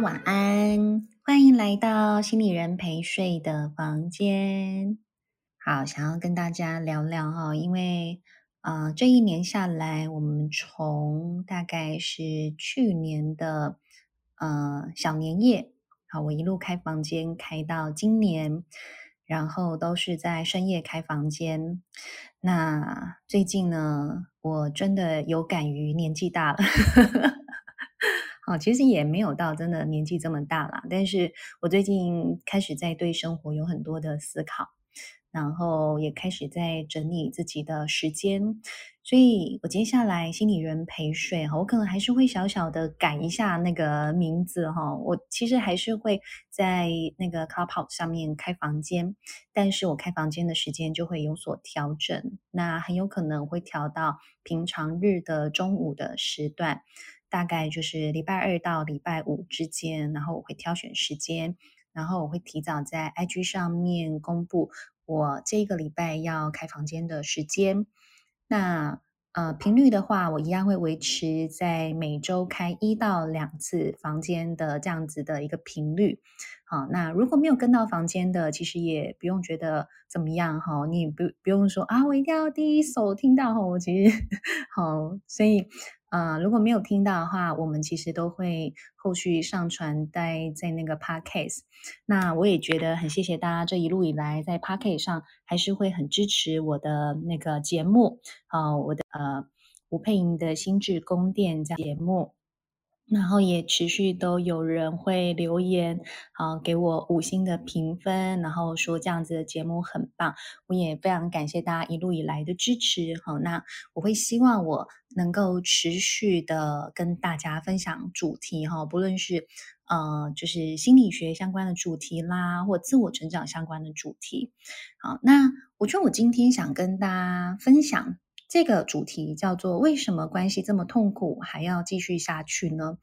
晚安，歡迎來到心理人陪睡的房間。好，想要跟大家聊聊哈、哦，因為啊、呃，這一年下來，我們從大概是去年的呃小年夜啊，我一路開房間開到今年，然後都是在深夜開房間。那最近呢，我真的有感於年紀大了。 啊，其實也沒有到真的年紀這麼大了，但是我最近開始在對生活有很多的思考，然後也開始在整理自己的時間，所以我接下來心理人陪睡哈，我可能還是會小小的改一下那個名字哈，我其實還是會，在那個 Clubhouse 上面開房間，但是我開房間的時間就會有所調整，那很有可能會調到平常日的中午的時段。大概就是禮拜二到禮拜五之間，然後我會挑選時間，然後我會提早在 IG 上面公布我這一個禮拜要開房間的時間。那呃頻率的話，我一樣會維持在每周開一到兩次房間的這樣子的一個頻率。好，那如果沒有跟到房間的，其實也不用覺得怎麼樣哈、哦，你也不不用說啊，我一定要第一手聽到哈，我其實好所以。啊、呃，如果沒有聽到的話，我們其實都會後續上傳待在那個 podcast。那我也覺得很謝謝大家這一路以來在 podcast 上還是會很支持我的那個節目啊、呃，我的呃吳姵瑩的心智宮殿這樣節目。然後也持續都有人會留言啊，給我五星的評分，然後說這樣子的節目很棒。我也非常感謝大家一路以來的支持。好，那我會希望我能夠持續的跟大家分享主題哈，不論是呃，就是心理學相關的主題啦，或自我成長相關的主題。好，那我覺得我今天想跟大家分享。這個主題叫做“為什麼關係這麼痛苦，還要繼續下去呢？”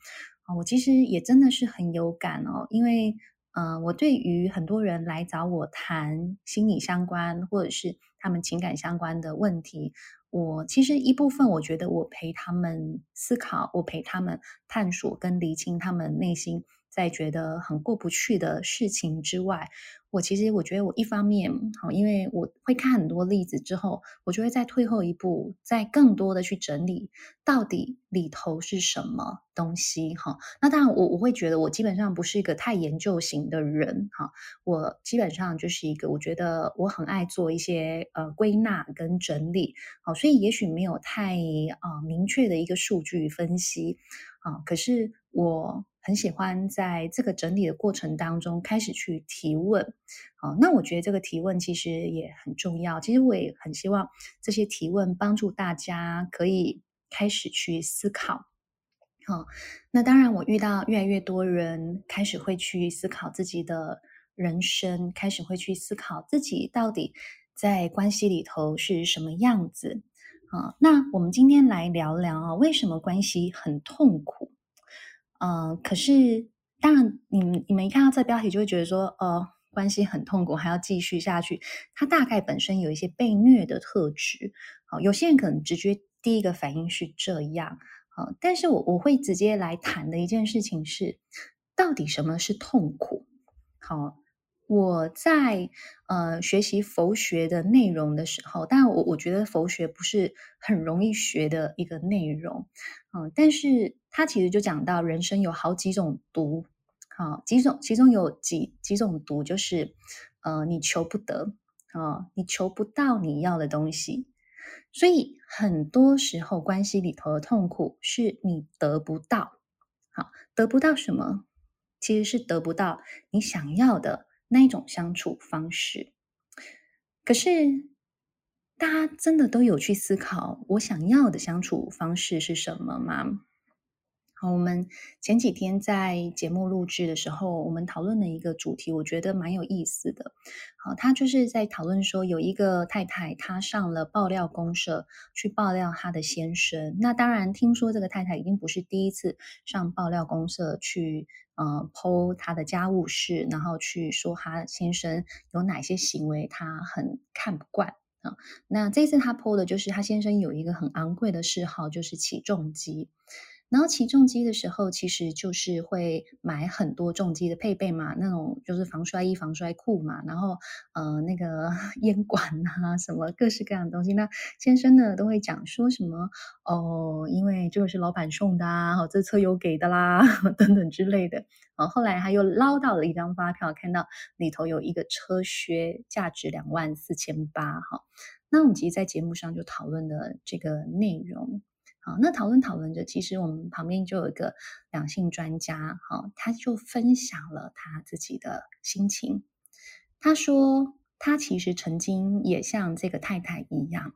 啊、哦，我其實也真的是很有感哦，因為呃，我對於很多人來找我談心理相關，或者是他們情感相關的問題，我其實一部分我覺得我陪他們思考，我陪他們探索跟理清他們內心，在覺得很過不去的事情之外，我其實我覺得我一方面好，因為我會看很多例子之後，我就會再退後一步，再更多的去整理到底裡頭是什麼東西哈。那當然我，我我會覺得我基本上不是一個太研究型的人哈。我基本上就是一個我覺得我很愛做一些呃歸納跟整理好，所以也許沒有太啊、呃、明確的一個數據分析啊，可是我。很喜歡在這個整理的過程當中開始去提問，哦，那我覺得這個提問其實也很重要。其實我也很希望這些提問幫助大家可以開始去思考。好，那當然，我遇到越來越多人開始會去思考自己的人生，開始會去思考自己到底在關係裡頭是什麼樣子。啊，那我們今天來聊聊啊，哦，為什麼關係很痛苦？呃，可是當然，你們你們一看到這標題就會覺得說，呃，關係很痛苦，還要繼續下去，它大概本身有一些被虐的特質，好，呃，有些人可能直覺第一個反應是這樣，呃，但是我我會直接來談的一件事情是，到底什麼是痛苦？好。我在呃，學習佛學的內容的時候，但我我覺得佛學不是很容易學的一個內容啊、呃。但是它其實就講到人生有好幾種毒，好、呃、幾種，其中有幾幾種毒就是呃，你求不得啊、呃，你求不到你要的東西。所以很多時候關係裡頭的痛苦是你得不到，好、呃、得不到什麼，其實是得不到你想要的。那種相處方式，可是，大家真的都有去思考，我想要的相處方式是什麼嗎？好，我們前幾天在節目錄製的時候，我們討論了一個主題，我覺得蠻有意思的。好，他就是在討論說，有一個太太，她上了爆料公社去爆料她的先生。那當然，聽說這個太太已經不是第一次上爆料公社去，呃剖她的家務事，然後去說她先生有哪些行為她很看不慣啊。那這次她剖的就是她先生有一個很昂貴的嗜好，就是起重機。然後騎重機的時候，其實就是會買很多重機的配備嘛，那種就是防摔衣、防摔褲嘛，然後呃那個煙管吶、啊，什麼各式各樣的東西。那先生呢都會講說什麼哦，因為這個是老板送的啊，這車友給的啦，等等之類的。然後後來他又撈到了一張發票，看到裡頭有一個車靴，價值兩萬四千八。哈那我們其實，在節目上就討論的這個內容。好，那討論討論着，其實我們旁邊就有一個兩性專家，哦，他就分享了他自己的心情。他說，他其實曾經也像這個太太一樣，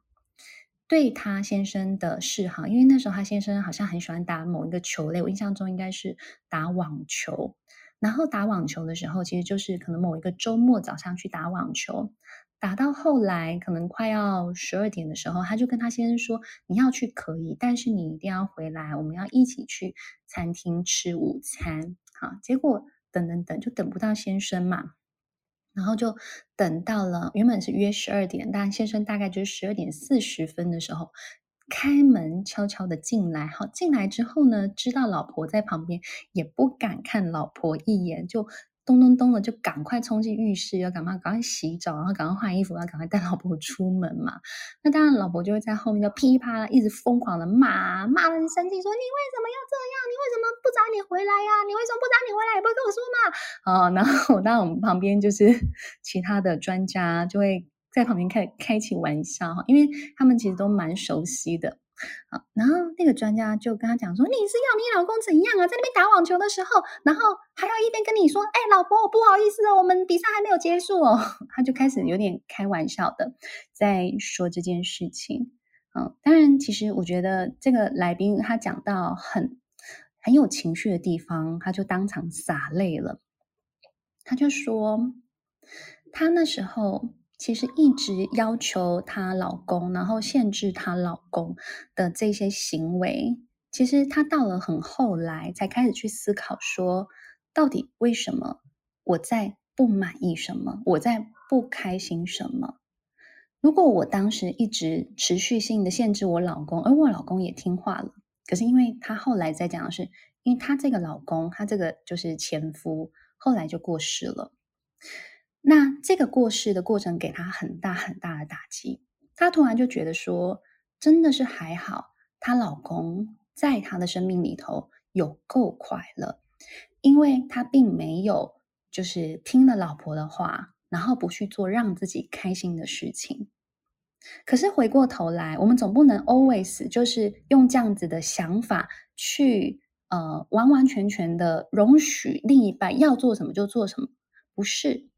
對他先生的嗜好，因為那時候他先生好像很喜歡打某一個球類，我印象中應該是打網球。然後打網球的時候，其實就是可能某一個週末早上去打網球。打到後來，可能快要十二點的時候，他就跟他先生說：“你要去可以，但是你一定要回來，我們要一起去餐廳吃午餐。”好，結果等等等，就等不到先生嘛，然後就等到了。原本是約十二點，但先生大概就是十二點四十分的時候開門，悄悄的進來。好，進來之後呢，知道老婆在旁邊，也不敢看老婆一眼，就。咚咚咚的，就趕快衝進浴室，要趕快趕快洗澡，然後趕快換衣服，要趕快帶老婆出門嘛。那當然，老婆就會在後面就噼里啪啦一直瘋狂的罵，罵的很生氣，說你為什麼要這樣？你為什麼不早點回來呀、啊？你為什麼不早點回來也不會跟我說嘛？啊、哦，然後當然我，我們旁邊就是其他的專家就會在旁邊開開起玩笑，因為他們其實都蠻熟悉的。然後那個專家就跟他講說：“你是要你老公怎樣啊？在那邊打網球的時候，然後還要一邊跟你說，哎，老婆，不好意思哦，我們比賽還沒有結束哦。 ”他就開始有點開玩笑的在說這件事情。嗯，當然，其實我覺得這個來賓他講到很很有情緒的地方，他就當場灑淚了。他就說，他那時候。其實一直要求她老公，然後限制她老公的這些行為。其實她到了很後來，才開始去思考說，到底為什麼我在不滿意什麼，我在不開心什麼？如果我當時一直持續性的限制我老公，而、哎、我老公也聽話了，可是因為她後來在講的是，因為她這個老公，她這個就是前夫，後來就過世了。那這個過世的過程給他很大很大的打擊，他突然就覺得說，真的是還好，她老公在他的生命裡頭有夠快樂，因為他並沒有就是聽了老婆的話，然後不去做讓自己開心的事情。可是回過頭來，我們總不能 always 就是用這樣子的想法去呃完完全全的容許另一半要做什麼就做什麼，不是。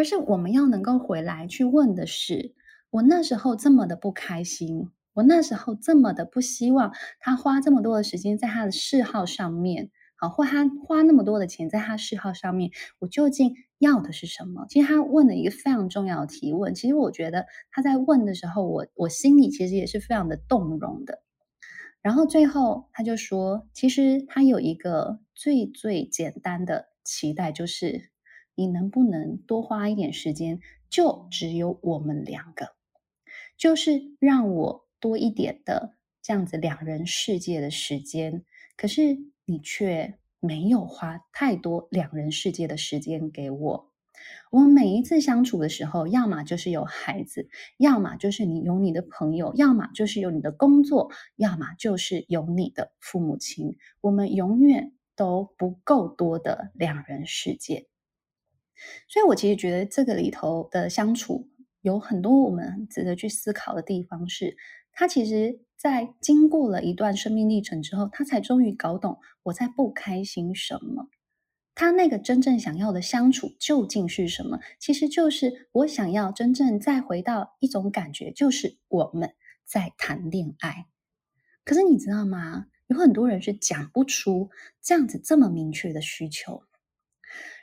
而是我們要能夠回來去問的是，我那時候這麼的不開心，我那時候這麼的不希望他花這麼多的時間在他的嗜好上面，好，或他花那麼多的錢在他嗜好上面，我究竟要的是什麼？其實他問了一個非常重要的提問。其實我覺得他在問的時候我，我我心裡其實也是非常的動容的。然後最後他就說，其實他有一個最最簡單的期待，就是。你能不能多花一點時間？就只有我們兩個，就是讓我多一點的這樣子兩人世界的時間。可是你卻沒有花太多兩人世界的時間給我。我每一次相處的時候，要麼就是有孩子，要麼就是你有你的朋友，要麼就是有你的工作，要麼就是有你的父母親。我們永遠都不夠多的兩人世界。所以，我其實覺得這個裡頭的相處有很多我們值得去思考的地方，是他其實在經過了一段生命歷程之後，他才終於搞懂我在不開心什麼。他那個真正想要的相處究竟是什麼？其實就是我想要真正再回到一種感覺，就是我們在談戀愛。可是你知道嗎？有很多人是講不出這樣子這麼明確的需求。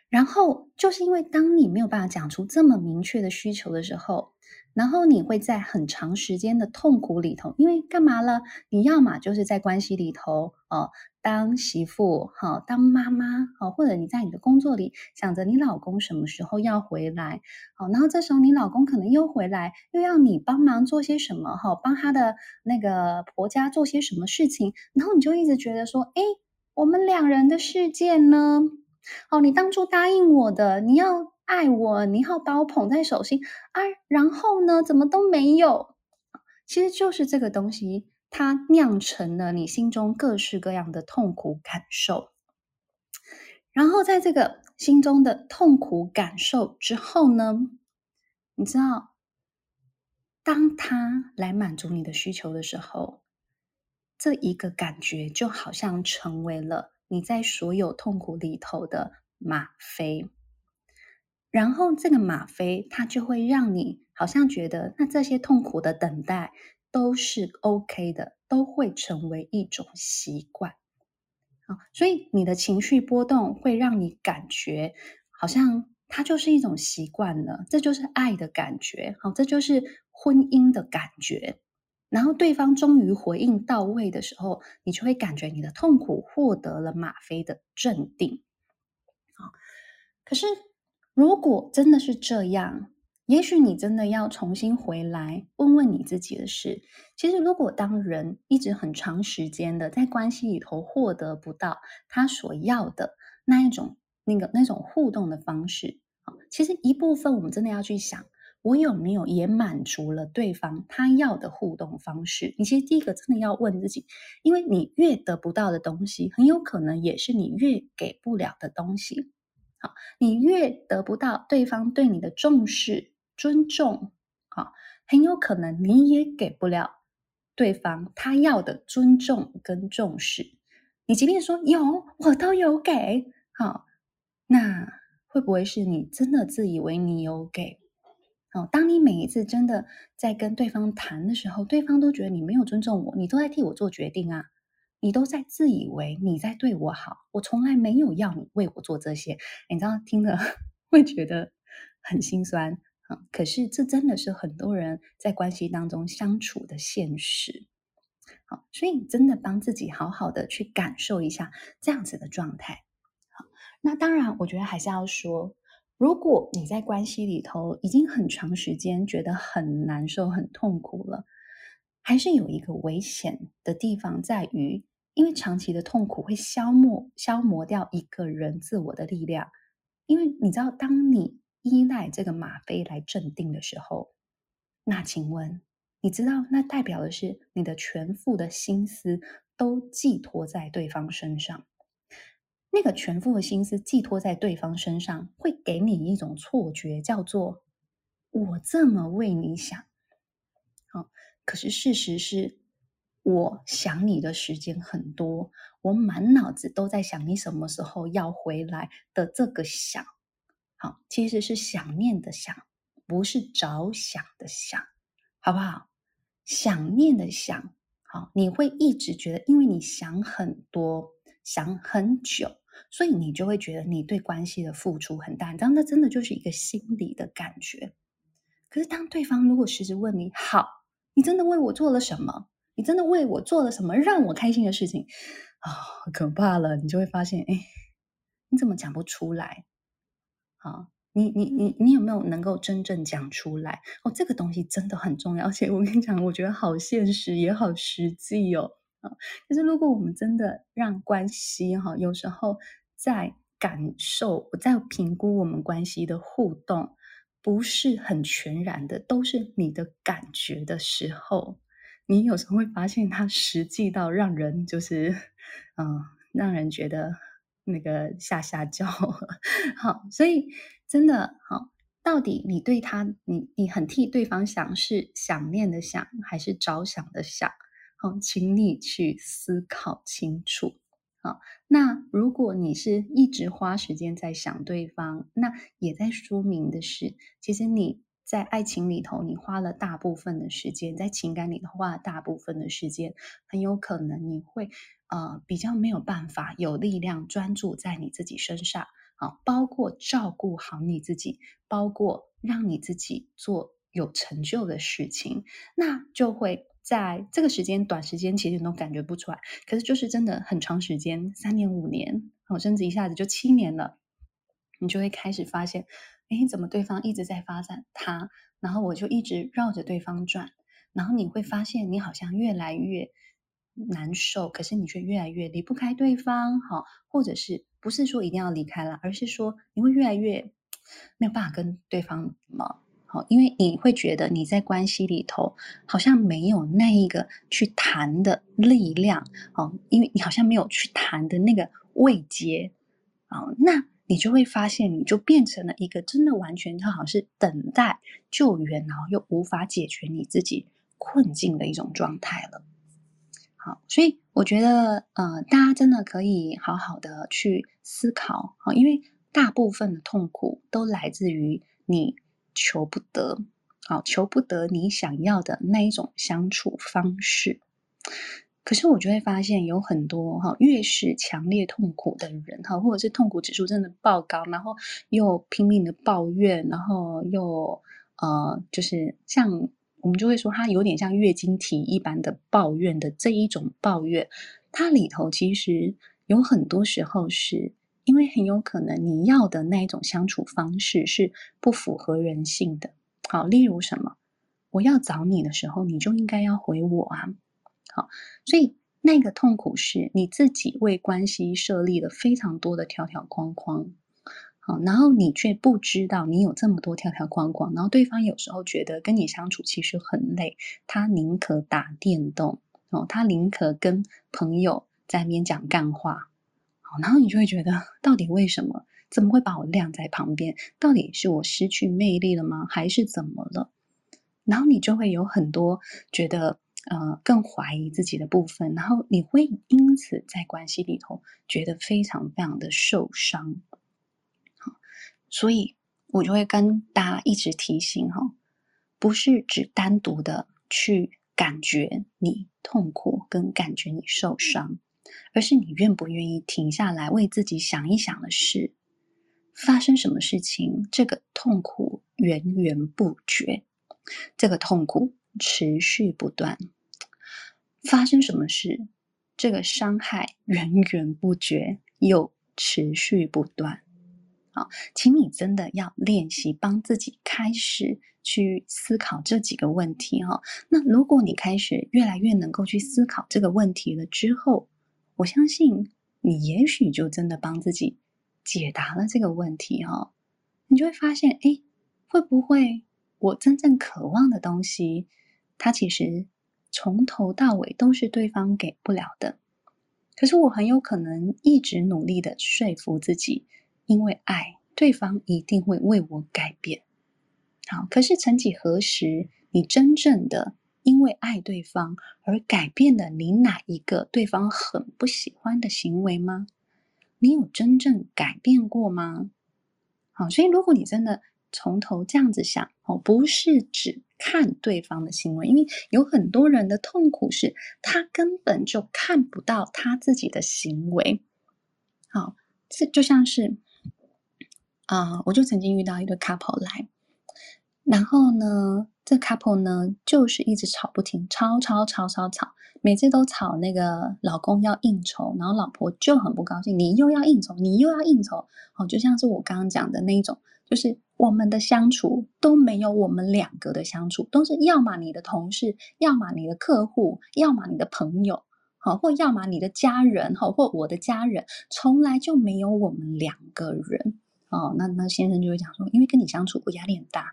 然後就是因為當你沒有辦法講出這麼明確的需求的時候，然後你會在很長時間的痛苦裡頭，因為幹嘛了？你要麼就是在關係裡頭哦，當媳婦好、哦，當媽媽好、哦，或者你在你的工作裡想着你老公什麼時候要回來哦，然後這時候你老公可能又回來，又要你幫忙做些什麼哈、哦，幫他的那個婆家做些什麼事情，然後你就一直覺得說，哎，我們兩人的世界呢？哦，你當初答應我的，你要愛我，你要把我捧在手心啊，然後呢，怎麼都沒有？其實就是這個東西，它釀成了你心中各式各樣的痛苦感受。然後在這個心中的痛苦感受之後呢，你知道，當它來滿足你的需求的時候，這一個感覺就好像成為了。你在所有痛苦裡頭的嗎啡，然後這個嗎啡，它就會讓你好像覺得，那這些痛苦的等待都是 OK 的，都會成為一種習慣。好，所以你的情緒波動會讓你感覺，好像它就是一種習慣了，這就是愛的感覺，好，這就是婚姻的感覺。然後對方終於回應到位的時候，你就會感覺你的痛苦獲得了嗎啡的鎮定。啊、哦，可是如果真的是這樣，也許你真的要重新回來問問你自己的事。其實，如果當人一直很長時間的在關係裡頭獲得不到他所要的那一種那個那種互動的方式，啊、哦，其實一部分我們真的要去想。我有沒有也滿足了對方他要的互動方式？你其實第一個真的要問自己，因為你越得不到的東西，很有可能也是你越給不了的東西。好，你越得不到對方對你的重視、尊重，啊，很有可能你也給不了對方他要的尊重跟重視。你即便說有，我都有給，好，那會不會是你真的自以為你有給？當你每一次真的在跟對方談的時候，對方都覺得你沒有尊重我，你都在替我做決定啊，你都在自以為你在對我好，我從來沒有要你為我做這些，你知道，聽了會覺得很心酸啊，可是這真的是很多人在關係當中相處的現實。好，所以你真的幫自己好好的去感受一下這樣子的狀態。那當然，我覺得還是要說。如果你在關係裡頭已經很長時間覺得很難受、很痛苦了，還是有一個危險的地方在於，因為長期的痛苦會消磨、消磨掉一個人自我的力量。因為你知道，當你依賴這個嗎啡來鎮定的時候，那請問，你知道，那代表的是你的全副的心思都寄託在對方身上。那個全副的心思寄託在對方身上，會給你一種錯覺，叫做“我這麼為你想”。好，可是事實是，我想你的時間很多，我滿腦子都在想你什麼時候要回來的這個“想”。好，其實是想念的“想”，不是着想的“想”，好不好？想念的“想”，好，你會一直覺得，因為你想很多。想很久，所以你就會覺得你對關係的付出很大。然後那真的就是一個心理的感覺。可是當對方如果時時問你，好，你真的為我做了什麼？你真的為我做了什麼讓我開心的事情？啊、哦，可怕了！你就會發現，哎、欸，你怎麼講不出來？啊、哦，你你你你有沒有能夠真正講出來？哦，這個東西真的很重要。而且我跟你講，我覺得好現實也好實際哦。就是如果我們真的讓關係哈，有時候在感受、在評估我們關係的互動不是很全然的，都是你的感覺的時候，你有時候會發現他實際到讓人就是嗯，讓人覺得那個嚇嚇叫。好，所以真的好，到底你對他，你你很替對方想，是想念的想，還是着想的想？好，請你去思考清楚。好，那如果你是一直花時間在想對方，那也在說明的是，其實你在愛情裡頭，你花了大部分的時間在情感裡頭，花了大部分的時間，很有可能你會呃比較沒有辦法有力量專注在你自己身上啊，包括照顧好你自己，包括讓你自己做有成就的事情，那就會。在這個時間短時間，其實你都感覺不出來。可是就是真的很長時間，三年五年，哦，甚至一下子就七年了，你就會開始發現，哎，怎麼對方一直在發展他，然後我就一直繞着對方轉，然後你會發現，你好像越來越難受，可是你卻越來越離不開對方。好，哦，或者是不是說一定要離開了，而是說你會越來越沒有辦法跟對方嗎？哦因為你會覺得你在關係裡頭好像沒有那一個去談的力量哦，因為你好像沒有去談的那個位階。哦，那你就會發現你就變成了一個真的完全他好像是等待救援，然後又無法解決你自己困境的一種狀態了。好，所以我覺得呃，大家真的可以好好的去思考哦，因為大部分的痛苦都來自於你。求不得，好，求不得你想要的那一種相處方式。可是我就會發現，有很多哈，越是強烈痛苦的人哈，或者是痛苦指數真的爆高，然後又拼命的抱怨，然後又呃，就是像我們就會說，他有點像月經體一般的抱怨的這一種抱怨，它裡頭其實有很多時候是。因為很有可能你要的那一種相處方式是不符合人性的。好，例如什麼？我要找你的時候，你就應該要回我啊。好，所以那個痛苦是你自己為關係設立了非常多的條條框框。好，然後你卻不知道你有這麼多條條框框，然後對方有時候覺得跟你相處其實很累，他寧可打電動哦，他寧可跟朋友在那邊講幹話。然後你就會覺得，到底為什麼？怎麼會把我晾在旁邊？到底是我失去魅力了嗎？還是怎麼了？然後你就會有很多覺得，呃，更懷疑自己的部分。然後你會因此在關係裡頭覺得非常非常的受傷。好，所以，我就會跟大家一直提醒哈、哦，不是只單獨的去感覺你痛苦，跟感覺你受傷。而是你願不願意停下來為自己想一想的事？發生什麼事情？這個痛苦源源不絕，這個痛苦持續不斷。發生什麼事？這個傷害源源不絕又持續不斷。啊，請你真的要練習幫自己開始去思考這幾個問題哈。那如果你開始越來越能夠去思考這個問題了之後，我相信你也許就真的幫自己解答了這個問題哈、哦。你就會發現，誒，會不會我真正渴望的東西，它其實從頭到尾都是對方給不了的。可是我很有可能一直努力的說服自己，因為愛，對方一定會為我改變。好，可是曾幾何時，你真正的因為愛對方而改變了你哪一個對方很不喜歡的行為嗎？你有真正改變過嗎？好，所以如果你真的從頭這樣子想，哦，不是只看對方的行為，因為有很多人的痛苦是他根本就看不到他自己的行為。好，這就像是啊、呃，我就曾經遇到一對 couple 來，然後呢，這 couple 呢，就是一直吵不停，吵吵吵吵吵吵吵，每次都吵那個老公要應酬，然後老婆就很不高興。你又要應酬，你又要應酬，哦，就像是我剛剛講的那一種，就是我們的相處都沒有我們兩個的相處，都是要麼你的同事，要麼你的客戶，要麼你的朋友，好、哦，或要麼你的家人，好、哦、或我的家人，從來就沒有我們兩個人。哦，那那先生就會講說，因為跟你相處，我壓力很大。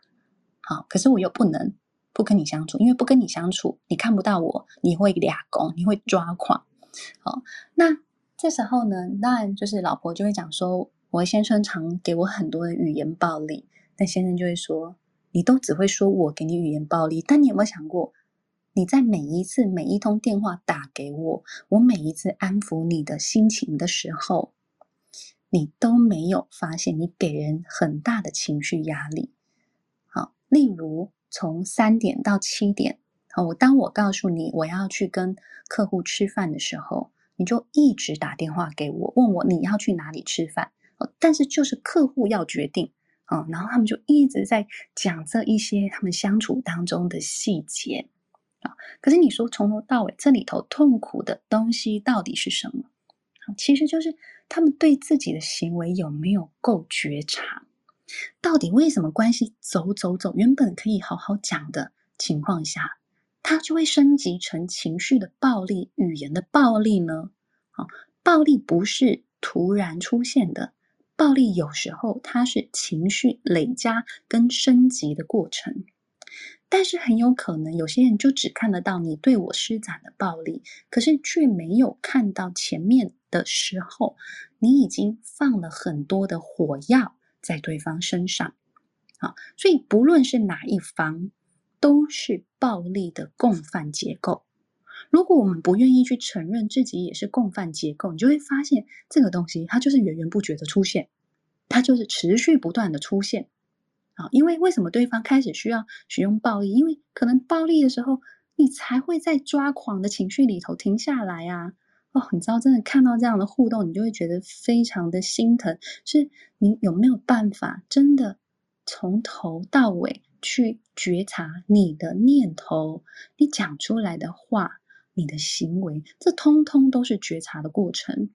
好，可是我又不能不跟你相處，因為不跟你相處，你看不到我，你會倆公，你會抓狂。好，那這時候呢，當然就是老婆就會講說，我先生常給我很多的語言暴力，那先生就會說，你都只會說我給你語言暴力，但你有沒有想過，你在每一次每一通電話打給我，我每一次安撫你的心情的時候，你都沒有發現你給人很大的情緒壓力。例如，從三點到七點，啊、哦，我當我告訴你我要去跟客戶吃飯的時候，你就一直打電話給我，問我你要去哪裡吃飯，哦、但是就是客戶要決定，啊、哦，然後他們就一直在講這一些他們相處當中的細節，啊、哦，可是你說從頭到尾這裡頭痛苦的東西到底是什麼，哦？其實就是他們對自己的行為有沒有夠覺察。到底為什麼關係走走走，原本可以好好講的情況下，它就會升級成情緒的暴力、語言的暴力呢？好、啊，暴力不是突然出現的，暴力有時候它是情緒累加跟升級的過程，但是很有可能有些人就只看得到你對我施展的暴力，可是卻沒有看到前面的時候，你已經放了很多的火藥。在對方身上，所以不論是哪一方，都是暴力的共犯結構。如果我們不願意去承認自己也是共犯結構，你就會發現這個東西它就是源源不絕的出現，它就是持續不斷的出現啊！因為為什麼對方開始需要使用暴力？因為可能暴力的時候，你才會在抓狂的情緒裡頭停下來啊。哦，你知道，真的看到這樣的互動，你就會覺得非常的心疼。是你有沒有辦法，真的從頭到尾去覺察你的念頭、你講出來的話、你的行為，這通通都是覺察的過程。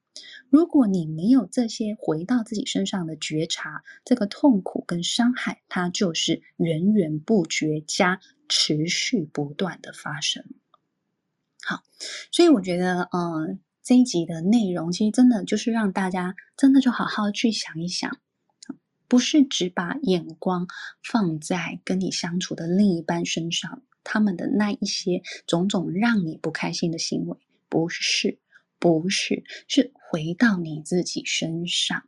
如果你沒有這些回到自己身上的覺察，這個痛苦跟傷害，它就是源源不絕加持續不斷的發生。好，所以我覺得，嗯。這一集的內容，其實真的就是讓大家真的就好好去想一想，不是只把眼光放在跟你相處的另一半身上，他們的那一些種種讓你不開心的行為，不是，不是，是回到你自己身上，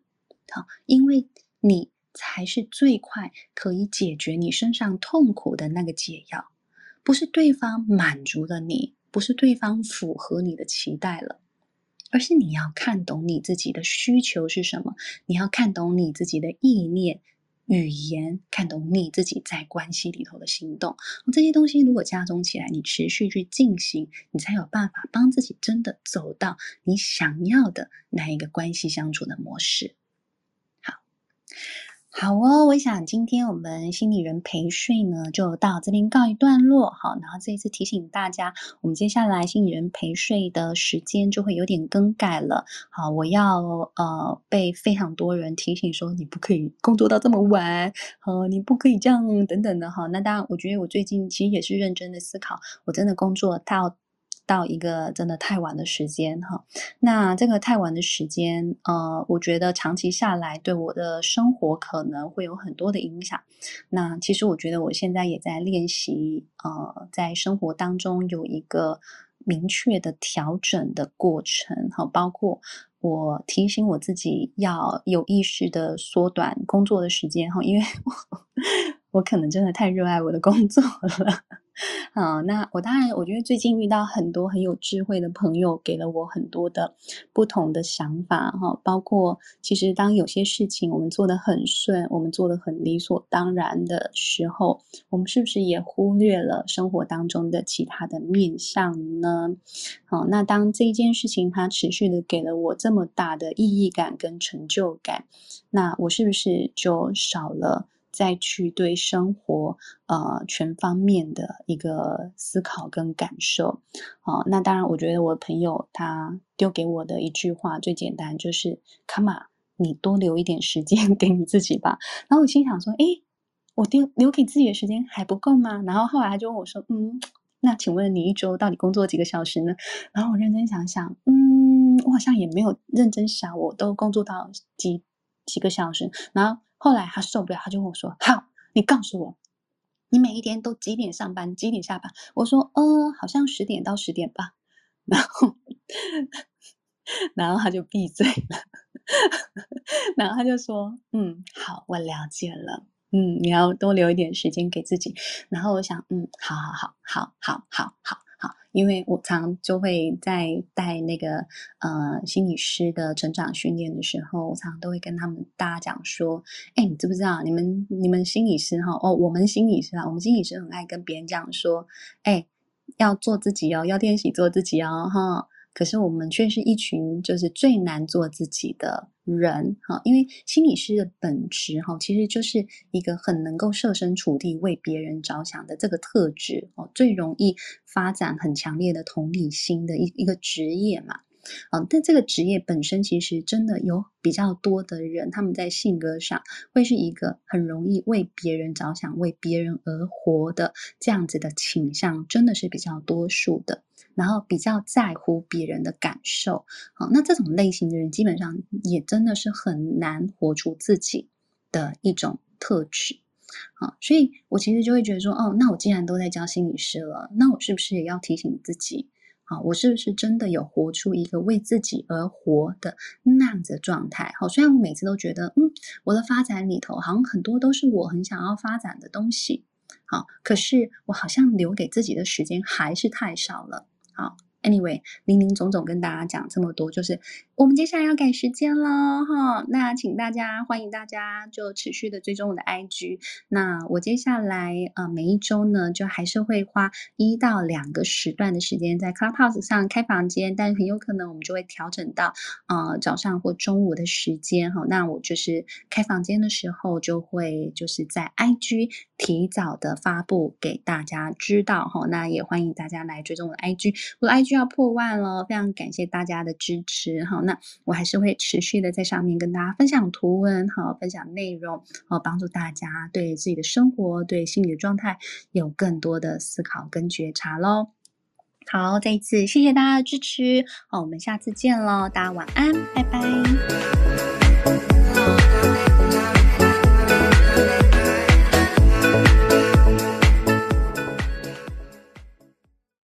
好，因為你才是最快可以解決你身上痛苦的那個解藥，不是對方滿足了你，不是對方符合你的期待了。而是你要看懂你自己的需求是什麼，你要看懂你自己的意念、語言，看懂你自己在關係裡頭的行動。這些東西如果加總起來，你持續去進行，你才有辦法幫自己真的走到你想要的那一個關係相處的模式。好。好哦，我想今天我們心理人陪睡呢，就到這邊告一段落。好，然後這一次提醒大家，我們接下來心理人陪睡的時間就會有點更改了。好，我要呃被非常多人提醒說，你不可以工作到這麼晚，呃，你不可以這樣等等的哈。那當然，我覺得我最近其實也是認真的思考，我真的工作到。到一個真的太晚的時間哈，那這個太晚的時間，呃，我覺得長期下來對我的生活可能會有很多的影響。那其實我覺得我現在也在練習，呃，在生活當中有一個明確的調整的過程哈，包括我提醒我自己要有意識的縮短工作的時間哈，因為我我可能真的太熱愛我的工作了。嗯，那我當然，我覺得最近遇到很多很有智慧的朋友，給了我很多的不同的想法哈。包括其實當有些事情我們做得很順，我們做得很理所當然的時候，我們是不是也忽略了生活當中的其他的面向呢？哦，那當這一件事情它持續地給了我這麼大的意義感跟成就感，那我是不是就少了？再去對生活呃全方面的一個思考跟感受啊，哦，那當然，我覺得我朋友他丟給我的一句話最簡單就是 “come on”，你多留一點時間給你自己吧。然後我心想說：“哎，我丟留給自己的時間還不夠嗎？”然後後來他就問我說：“嗯，那請問你一周到底工作幾個小時呢？”然後我認真想想，嗯，我好像也沒有認真想，我都工作到幾幾個小時，然後。後來他受不了，他就跟我說：“好，你告訴我，你每一天都幾點上班，幾點下班？”我說：“呃，好像十點到十點吧。”然後，然後他就閉嘴了。然後他就說：“嗯，好，我了解了。嗯，你要多留一點時間給自己。”然後我想：“嗯，好好好，好，好，好，好，好，好。”因為我常就會在帶那個呃心理師的成長訓練的時候，我常常都會跟他們大家講說，欸，你知不知道，你們你們心理師哈，哦，我們心理師啊，我們心理師很愛跟別人講說，欸，要做自己哦，要練習做自己哦，哈。可是我們卻是一群就是最難做自己的人哈、哦，因為心理師的本質哈、哦，其實就是一個很能夠設身處地為別人着想的這個特質哦，最容易發展很強烈的同理心的一一個職業嘛。啊、哦，但這個職業本身其實真的有比較多的人，他們在性格上會是一個很容易為別人着想、為別人而活的這樣子的傾向，真的是比較多數的。然後比較在乎別人的感受，好，那這種類型的人基本上也真的是很難活出自己的一種特質，好，所以我其實就會覺得說，哦，那我既然都在教心理師了，那我是不是也要提醒自己，好，我是不是真的有活出一個為自己而活的那樣子的狀態？好，雖然我每次都覺得，嗯，我的發展裡頭好像很多都是我很想要發展的東西，好，可是我好像留給自己的時間還是太少了。好，Anyway，林林總總跟大家講這麼多，就是。我們接下來要改時間了哈，那請大家歡迎大家就持續的追蹤我的 IG。那我接下來呃每一周呢，就還是會花一到兩個時段的時間在 Clubhouse 上開房間，但很有可能我們就會調整到，呃，早上或中午的時間哈。那我就是開房間的時候，就會就是在 IG 提早的發布給大家知道哈。那也歡迎大家來追蹤我的 IG，我的 IG 要破萬了，非常感謝大家的支持哈。那。我還是會持續地在上面跟大家分享圖文，好，分享內容，好，幫助大家對自己的生活、對心理的狀態有更多的思考跟覺察嘍。好，再一次謝謝大家的支持，好，我們下次見嘍，大家晚安，拜拜。嗯嗯嗯嗯嗯嗯